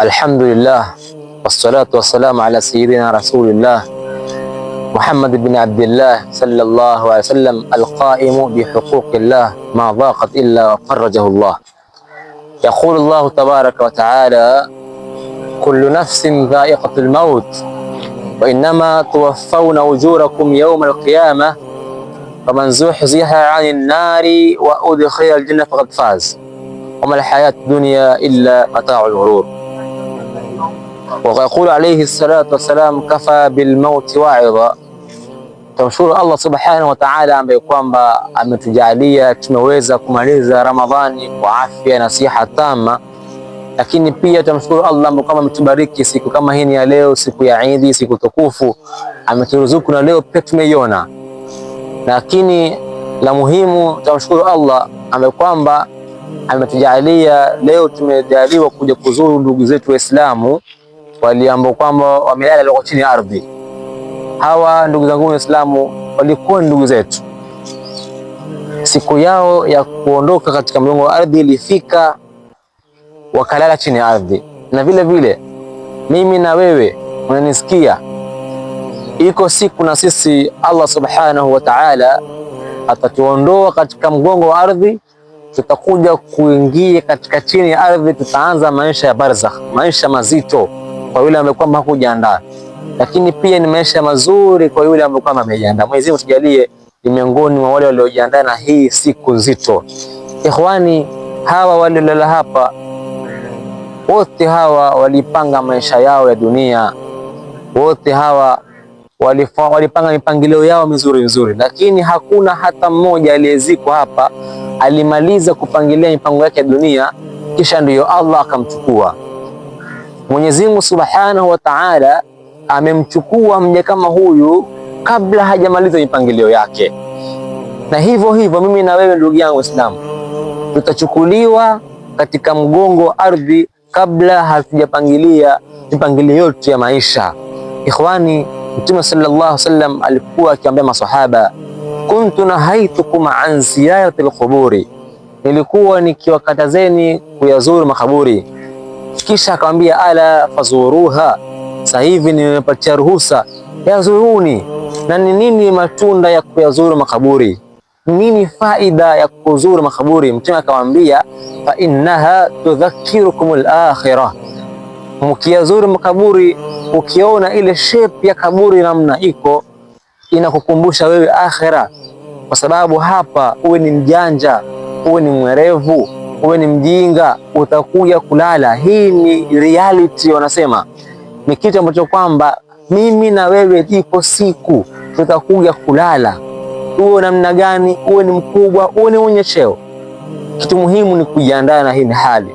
الحمد لله والصلاة والسلام على سيدنا رسول الله محمد بن عبد الله صلى الله عليه وسلم القائم بحقوق الله ما ضاقت إلا وفرجه الله يقول الله تبارك وتعالى كل نفس ذائقة الموت وإنما توفون أجوركم يوم القيامة فمن زحزح عن النار وأدخل الجنة فقد فاز وما الحياة الدنيا إلا متاع الغرور Wakayaqulu alayhi salatu wassalam, kafa bilmauti waidha. Tumshukuru Allah subhanahu wa ta'ala ambaye kwamba ametujalia tumeweza kumaliza Ramadhani kwa afya na siha tama, lakini pia tumshukuru Allah ambaye kwamba ametubariki siku kama hii ya leo, siku ya Idi, siku tukufu, ameturuzuku na leo pia tumeiona. Lakini la muhimu tumshukuru Allah ambaye kwamba ametujalia leo tumejaliwa kuja kuzuru ndugu zetu Waislamu waliambo kwamba wamelala loko chini ya ardhi. Hawa ndugu zangu Waislamu walikuwa ndugu zetu. Siku yao ya kuondoka katika mlongo wa ardhi ilifika, wakalala chini ya ardhi. Na vile vile mimi na wewe unanisikia, iko siku na sisi Allah subhanahu wa ta'ala atatuondoa katika mgongo wa ardhi, tutakuja kuingia katika chini ya ardhi, tutaanza maisha ya barzakh, maisha mazito kwa yule ambaye kwamba hakujiandaa, lakini pia ni maisha mazuri kwa yule ambaye kwamba amejiandaa. Mwenyezi Mungu tujalie ni miongoni mwa wale waliojiandaa na hii siku nzito. Ikhwani, hawa waliolala hapa wote hawa walipanga maisha yao ya dunia, wote hawa walipanga mipangilio yao mizuri mizuri, lakini hakuna hata mmoja aliyezikwa hapa alimaliza kupangilia mipango yake ya dunia, kisha ndiyo Allah akamchukua. Mwenyezi Mungu Subhanahu wa Ta'ala amemchukua mja kama huyu kabla hajamaliza mipangilio yake, na hivyo hivyo mimi na wewe ndugu yangu Islam tutachukuliwa katika mgongo wa ardhi kabla hatujapangilia mipangilio yote ya maisha. Ikhwani, Mtume sallallahu alaihi wasallam alikuwa akiambia maswahaba, kuntu nahaitukum an ziyarati lquburi nilikuwa nikiwakatazeni kuyazuru makaburi kisha akamwambia ala fazuruha, sasa hivi nimepatia ruhusa yazuruni. Na ni nini matunda ya kuyazuru makaburi? Nini faida ya kuzuru makaburi? Mtume akamwambia fa innaha tudhakirukum al-akhirah, mkiyazuru makaburi, ukiona ile shape ya kaburi namna iko, inakukumbusha wewe akhira, kwa sababu hapa uwe ni mjanja, uwe ni mwerevu uwe ni mjinga, utakuja kulala. Hii ni reality, wanasema ni kitu ambacho kwamba mimi na wewe ipo siku tutakuja kulala, uwe namna gani, uwe ni mkubwa, uwe ni mwenye cheo. Kitu muhimu ni kujiandaa na hii hali.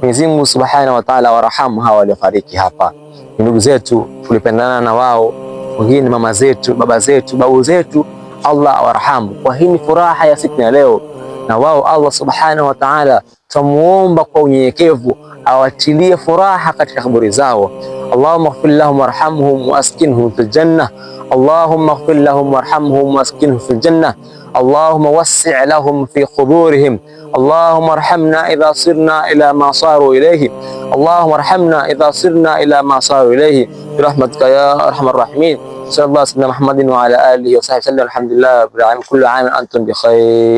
Mwenyezi Mungu Subhanahu wa Ta'ala, warahamu hawa waliofariki hapa, ni ndugu zetu, tulipendana na wao, wengine mama zetu, baba zetu, babu zetu. Allah awarahamu. Kwa hii ni furaha ya siku ya leo. na wao Allah subhanahu wa ta'ala tamuomba kwa unyenyekevu awatilie furaha katika kaburi zao. Allahumma ighfir lahum warhamhum waskinhum fil janna, Allahumma ighfir lahum warhamhum waskinhum fil janna, Allahumma wassi' lahum fi quburihim, Allahumma arhamna idha sirna ila ma saru ilayhi, Allahumma arhamna idha sirna ila ma saru ilayhi birahmatika ya arhamar rahimin. Sallallahu ala Muhammadin wa ala alihi wa sahbihi sallam. Alhamdulillah rabbil alamin. Kullu amin antum bi khair.